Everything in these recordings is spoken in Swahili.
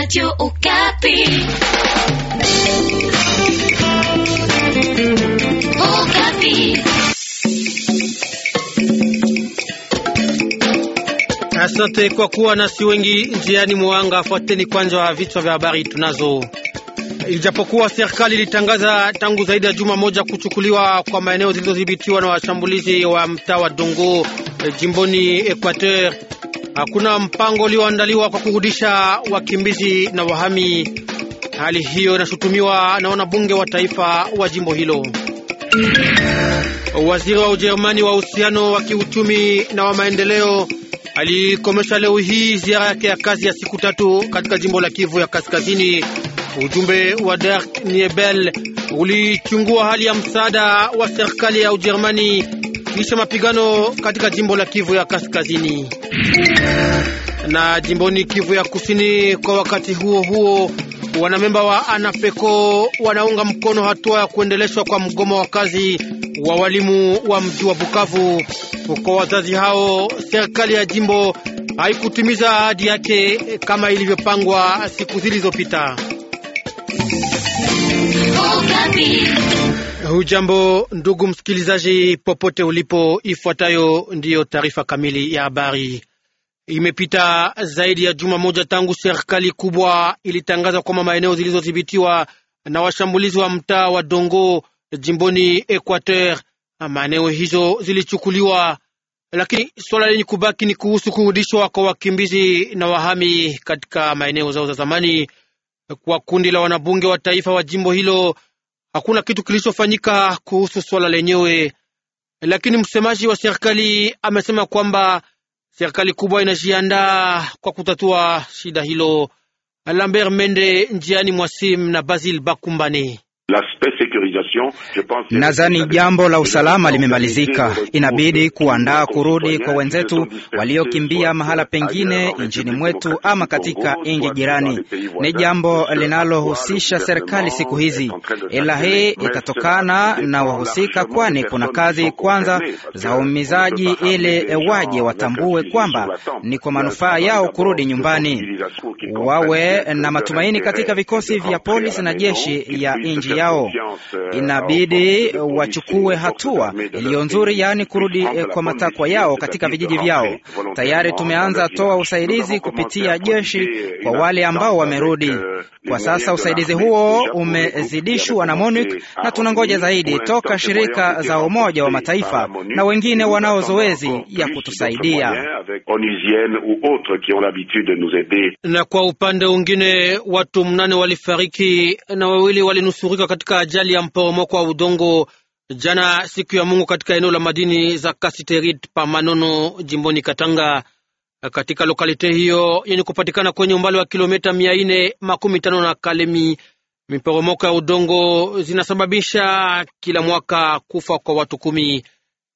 Radio Okapi. Okapi. Asante kwa kuwa nasi wengi njiani mwanga. Fuateni kwanza vichwa vya habari tunazo. Ijapokuwa serikali ilitangaza tangu zaidi ya juma moja kuchukuliwa kwa maeneo zilizodhibitiwa na washambulizi wa mtaa wa Dongo eh, jimboni Equateur Hakuna mpango ulioandaliwa kwa kurudisha wakimbizi na wahami. Hali hiyo inashutumiwa na wanabunge wa taifa wa jimbo hilo. Waziri wa Ujerumani wa uhusiano wa kiuchumi na wa maendeleo alikomesha leo hii ziara yake ya kazi ya siku tatu katika jimbo la Kivu ya Kaskazini. Ujumbe wa Dirk Niebel ulichungua hali ya msaada wa serikali ya Ujerumani kisha mapigano katika jimbo la Kivu ya Kaskazini na jimboni Kivu ya Kusini. Kwa wakati huo huo, wanamemba wa anapeko wanaunga mkono hatua ya kuendeleshwa kwa mgomo wa kazi wa walimu wa mji wa Bukavu. Kwa wazazi hao, serikali ya jimbo haikutimiza ahadi yake kama ilivyopangwa siku zilizopita. Oh, Hujambo ndugu msikilizaji, popote ulipo, ifuatayo ndiyo taarifa kamili ya habari. Imepita zaidi ya juma moja tangu serikali kubwa ilitangaza kwamba maeneo zilizodhibitiwa na washambulizi wa mtaa wa Dongo jimboni Equateur, maeneo hizo zilichukuliwa, lakini swala lenye kubaki ni kuhusu kurudishwa kwa wakimbizi na wahami katika maeneo zao za zamani. Kwa kundi la wanabunge wa taifa wa jimbo hilo hakuna kitu kilichofanyika kuhusu swala lenyewe, lakini msemaji wa serikali amesema kwamba serikali kubwa inajiandaa kwa kutatua shida hilo. Lambert Mende njiani mwasim na Basil Bakumbani Nadhani jambo la usalama limemalizika. Inabidi kuandaa kurudi kwa wenzetu waliokimbia mahala pengine nchini mwetu ama katika nchi jirani. Ni jambo linalohusisha serikali siku hizi, ila hii itatokana na wahusika, kwani kuna kazi kwanza za umizaji ili waje watambue kwamba ni kwa manufaa yao kurudi nyumbani, wawe na matumaini katika vikosi vya polisi na jeshi ya nchi yao inabidi wachukue hatua iliyo nzuri, yaani kurudi eh, kwa matakwa yao katika vijiji vyao. Tayari tumeanza toa usaidizi kupitia jeshi kwa wale ambao wamerudi. Kwa sasa usaidizi huo umezidishwa na MONUC na tunangoja zaidi toka shirika za Umoja wa Mataifa na wengine wanao zoezi ya kutusaidia. Na kwa upande mwingine, watu mnane walifariki na wawili walinusurika katika ajali ya mpo mporomoko wa udongo jana siku ya Mungu katika eneo la madini za Kasiterit pa Manono jimboni Katanga. Katika lokalite hiyo yenye kupatikana kwenye umbali wa kilomita mia nne makumi tano na Kalemi, miporomoko ya udongo zinasababisha kila mwaka kufa kwa watu kumi.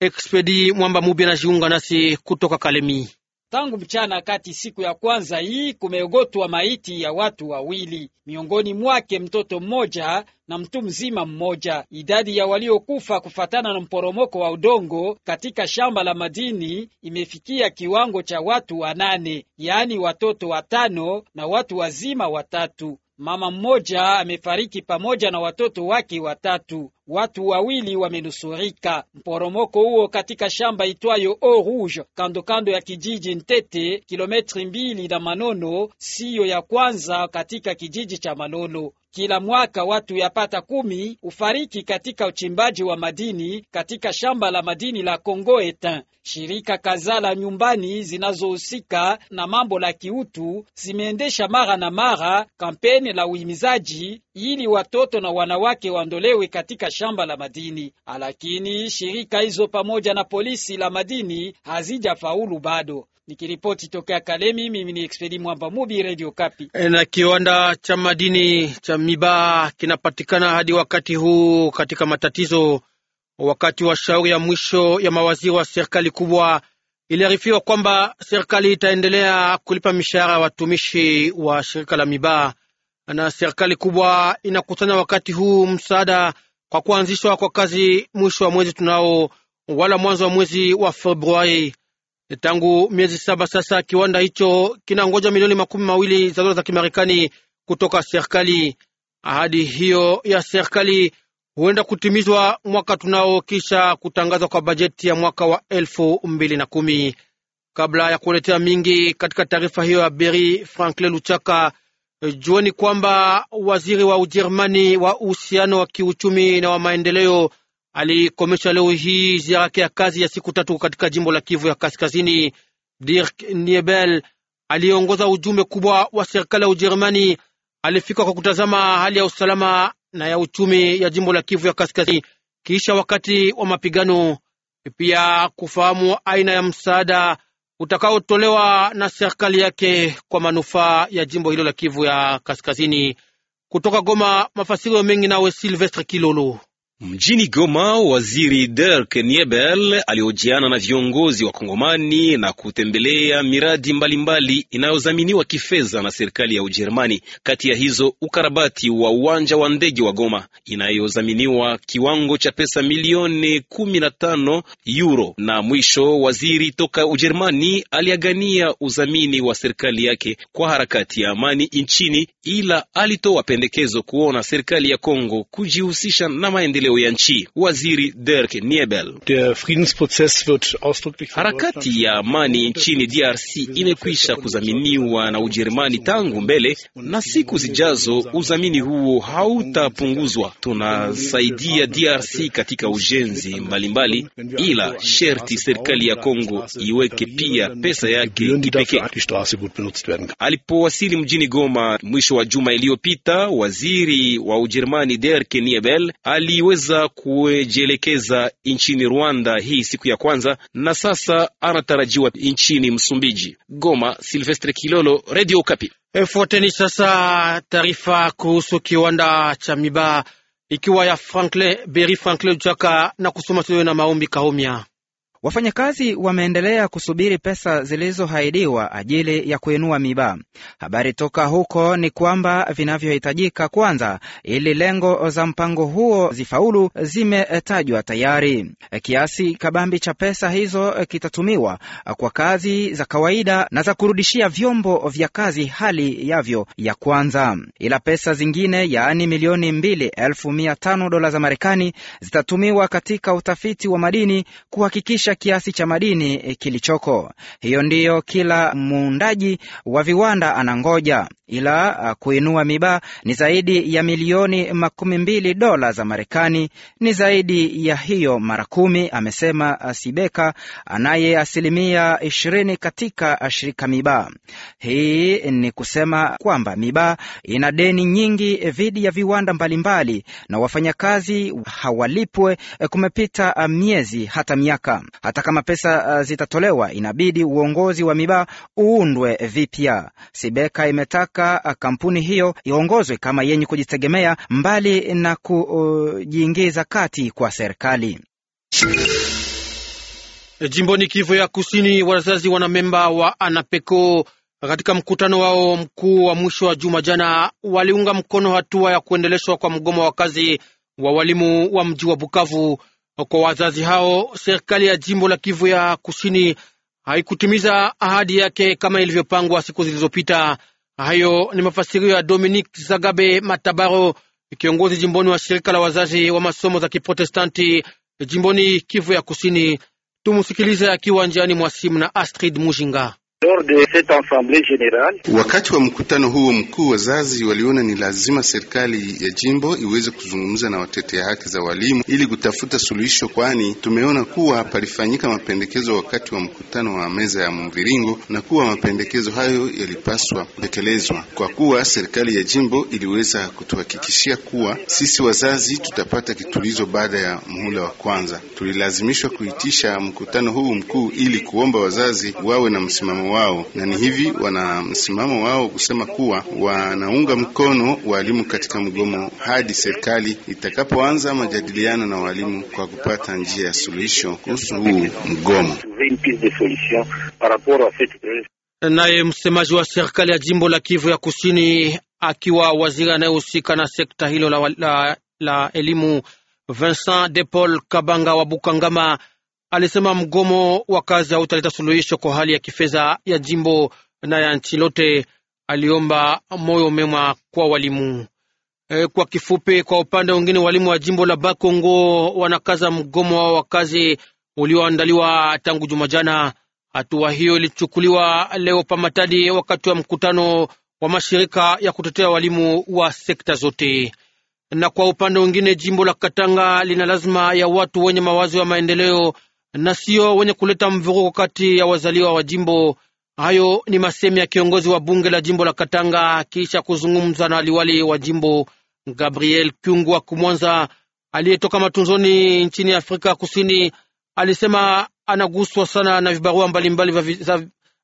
Expedi Mwamba Mubi na nasi kutoka Kalemi. Tangu mchana kati siku ya kwanza hii kumeogotwa maiti ya watu wawili, miongoni mwake mtoto mmoja na mtu mzima mmoja. Idadi ya waliokufa kufatana na mporomoko wa udongo katika shamba la madini imefikia kiwango cha watu wanane, yaani watoto watano na watu wazima watatu. Mama mmoja amefariki pamoja na watoto wake watatu watu wawili wamenusurika. Mporomoko huo katika shamba itwayo o Rouge kando kando ya kijiji Ntete, kilometri mbili na Manono, siyo ya kwanza katika kijiji cha Manono. Kila mwaka watu yapata kumi ufariki katika uchimbaji wa madini katika shamba la madini la Congo Etin. Shirika kadhaa la nyumbani zinazohusika na mambo la kiutu zimeendesha mara na mara kampeni la uhimizaji ili watoto na wanawake waondolewe katika shamba la madini, lakini shirika hizo pamoja na polisi la madini hazijafaulu bado. Nikiripoti tokea Kalemi, mimi ni Expedi Mwamba Mubi, Radio Kapi. Eh, na kiwanda cha madini cha Miba kinapatikana hadi wakati huu katika matatizo. Wakati wa shauri ya mwisho ya mawaziri wa serikali kubwa, iliarifiwa kwamba serikali itaendelea kulipa mishahara ya watumishi wa shirika la mibaa na serikali kubwa inakusanya wakati huu msaada kwa kuanzishwa kwa kazi mwisho wa mwezi tunao wala mwanzo wa mwezi wa Februari. Tangu miezi saba sasa, kiwanda hicho kinangoja milioni makumi mawili za dola za Kimarekani kutoka serikali. Ahadi hiyo ya serikali huenda kutimizwa mwaka tunao kisha kutangazwa kwa bajeti ya mwaka wa elfu mbili na kumi. Kabla ya kuletea mingi katika taarifa hiyo ya Beri, Franklin Luchaka Eh, Jueni kwamba waziri wa Ujerumani wa uhusiano wa kiuchumi na wa maendeleo alikomesha leo hii ziara yake ya kazi ya siku tatu katika jimbo la Kivu ya Kaskazini. Dirk Niebel aliongoza ujumbe kubwa wa serikali ya Ujerumani, alifika kwa kutazama hali ya usalama na ya uchumi ya jimbo la Kivu ya Kaskazini kisha wakati wa mapigano, pia kufahamu aina ya msaada utakaotolewa na serikali yake kwa manufaa ya jimbo hilo la Kivu ya Kaskazini. Kutoka Goma, mafasirio mengi nawe Silvestre Kilolo. Mjini Goma, waziri Dirk Niebel aliojiana na viongozi wa Kongomani na kutembelea miradi mbalimbali inayodhaminiwa kifedha na serikali ya Ujerumani. Kati ya hizo ukarabati wa uwanja wa ndege wa Goma inayodhaminiwa kiwango cha pesa milioni 15 na euro. Na mwisho waziri toka Ujerumani aliagania udhamini wa serikali yake kwa harakati ya amani nchini, ila alitoa pendekezo kuona serikali ya Kongo kujihusisha na maendeleo maendeleo ya nchi, waziri Dirk Niebel. Harakati ya amani nchini DRC imekwisha kudhaminiwa na Ujerumani tangu mbele, na siku zijazo udhamini huo hautapunguzwa. Tunasaidia DRC katika ujenzi mbalimbali mbali, ila sherti serikali ya Kongo iweke pia pesa yake kipekee. Alipowasili mjini Goma mwisho wa juma iliyopita, waziri wa Ujerumani Dirk Niebel aliwe aliweza kujielekeza nchini Rwanda hii siku ya kwanza na sasa anatarajiwa nchini Msumbiji. Goma, Silvestre Kilolo, Radio Kapi. Efuateni sasa taarifa kuhusu kiwanda cha miba ikiwa ya Franklin Beri Franklin Jaka na kusoma tuliwe na maombi Kaumia. Wafanyakazi wameendelea kusubiri pesa zilizohaidiwa ajili ya kuinua mibaa. Habari toka huko ni kwamba vinavyohitajika kwanza ili lengo za mpango huo zifaulu zimetajwa tayari. Kiasi kabambi cha pesa hizo kitatumiwa kwa kazi za kawaida na za kurudishia vyombo vya kazi hali yavyo ya kwanza, ila pesa zingine yaani milioni mbili elfu mia tano dola za Marekani zitatumiwa katika utafiti wa madini kuhakikisha kiasi cha madini e, kilichoko. Hiyo ndiyo kila muundaji wa viwanda anangoja, ila kuinua miba ni zaidi ya milioni makumi mbili dola za Marekani, ni zaidi ya hiyo mara kumi, amesema Sibeka anaye asilimia ishirini katika shirika miba. Hii ni kusema kwamba miba ina deni nyingi e, dhidi ya viwanda mbalimbali na wafanyakazi hawalipwe e, kumepita miezi hata miaka. Hata kama pesa uh, zitatolewa, inabidi uongozi wa Miba uundwe vipya. Sibeka imetaka uh, kampuni hiyo iongozwe kama yenye kujitegemea mbali na kujiingiza kati kwa serikali. E, jimboni Kivu ya Kusini, wazazi wanamemba wa Anapeko katika mkutano wao mkuu wa mwisho wa juma jana waliunga mkono hatua ya kuendeleshwa kwa mgomo wa kazi wa walimu wa mji wa Bukavu kwa wazazi hao, serikali ya jimbo la Kivu ya Kusini haikutimiza ahadi yake kama ilivyopangwa siku zilizopita. Hayo ni mafasirio ya Dominic Zagabe Matabaro, kiongozi jimboni wa shirika la wazazi wa masomo za Kiprotestanti jimboni Kivu ya Kusini. Tumusikilize akiwa njiani mwa simu na Astrid Mujinga. Wakati wa mkutano huo mkuu, wazazi waliona ni lazima serikali ya jimbo iweze kuzungumza na watetea haki za walimu ili kutafuta suluhisho, kwani tumeona kuwa palifanyika mapendekezo wakati wa mkutano wa meza ya mviringo na kuwa mapendekezo hayo yalipaswa kutekelezwa. Kwa kuwa serikali ya jimbo iliweza kutuhakikishia kuwa sisi wazazi tutapata kitulizo baada ya muhula wa kwanza, tulilazimishwa kuitisha mkutano huu mkuu ili kuomba wazazi wawe na msimamo wao, na ni hivi wana msimamo wao kusema kuwa wanaunga mkono walimu katika mgomo hadi serikali itakapoanza majadiliano na walimu kwa kupata njia ya suluhisho kuhusu huu mgomo. Naye msemaji wa serikali ya jimbo la Kivu ya Kusini akiwa waziri anayehusika na sekta hilo la, la, la elimu Vincent de Paul Kabanga wa Bukangama alisema mgomo wa kazi hautaleta suluhisho kwa hali ya kifedha ya jimbo na ya nchi lote. Aliomba moyo mema kwa walimu. E, kwa kifupi, kwa upande mwingine, walimu wa jimbo la Bakongo wanakaza mgomo wao wa kazi ulioandaliwa tangu juma jana. Hatua hiyo ilichukuliwa leo Pamatadi wakati wa mkutano wa mashirika ya kutetea walimu wa sekta zote. Na kwa upande mwingine, jimbo la Katanga lina lazima ya watu wenye mawazo ya maendeleo na sio wenye kuleta mvuruko kati ya wazaliwa wa jimbo. Hayo ni masemi ya kiongozi wa bunge la jimbo la Katanga kisha kuzungumza na aliwali wa jimbo Gabriel wa Kumwanza aliyetoka matunzoni nchini Afrika Kusini. Alisema anaguswa sana na vibarua mbalimbali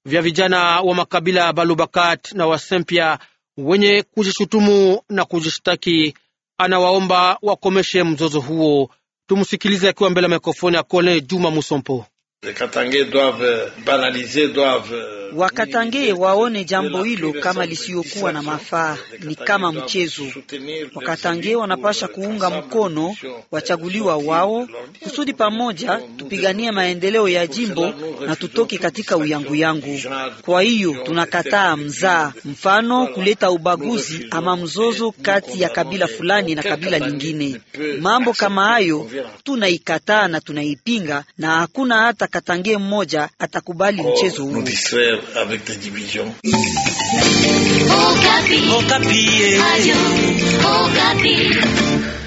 vya vijana wa makabila Balubakat na Wasempia wenye kujishutumu na kujishtaki. Anawaomba wakomeshe mzozo huo. Tumsikilize akiwa mbele ya mikrofoni ya Kole Juma Musompo. Wakatange euh, euh, waone jambo hilo kama lisiyokuwa na mafaa, ni kama mchezo. Wakatange wanapasha euh, kuunga mkono wachaguliwa wao kusudi pamoja tupiganie maendeleo ya jimbo na tutoke katika uyangu yangu. Kwa hiyo tunakataa mzaa, mfano kuleta ubaguzi ama mzozo kati ya kabila fulani na kabila lingine. Mambo kama hayo tunaikataa na tunaipinga, na hakuna hata akatangie mmoja atakubali mchezo oh, huu.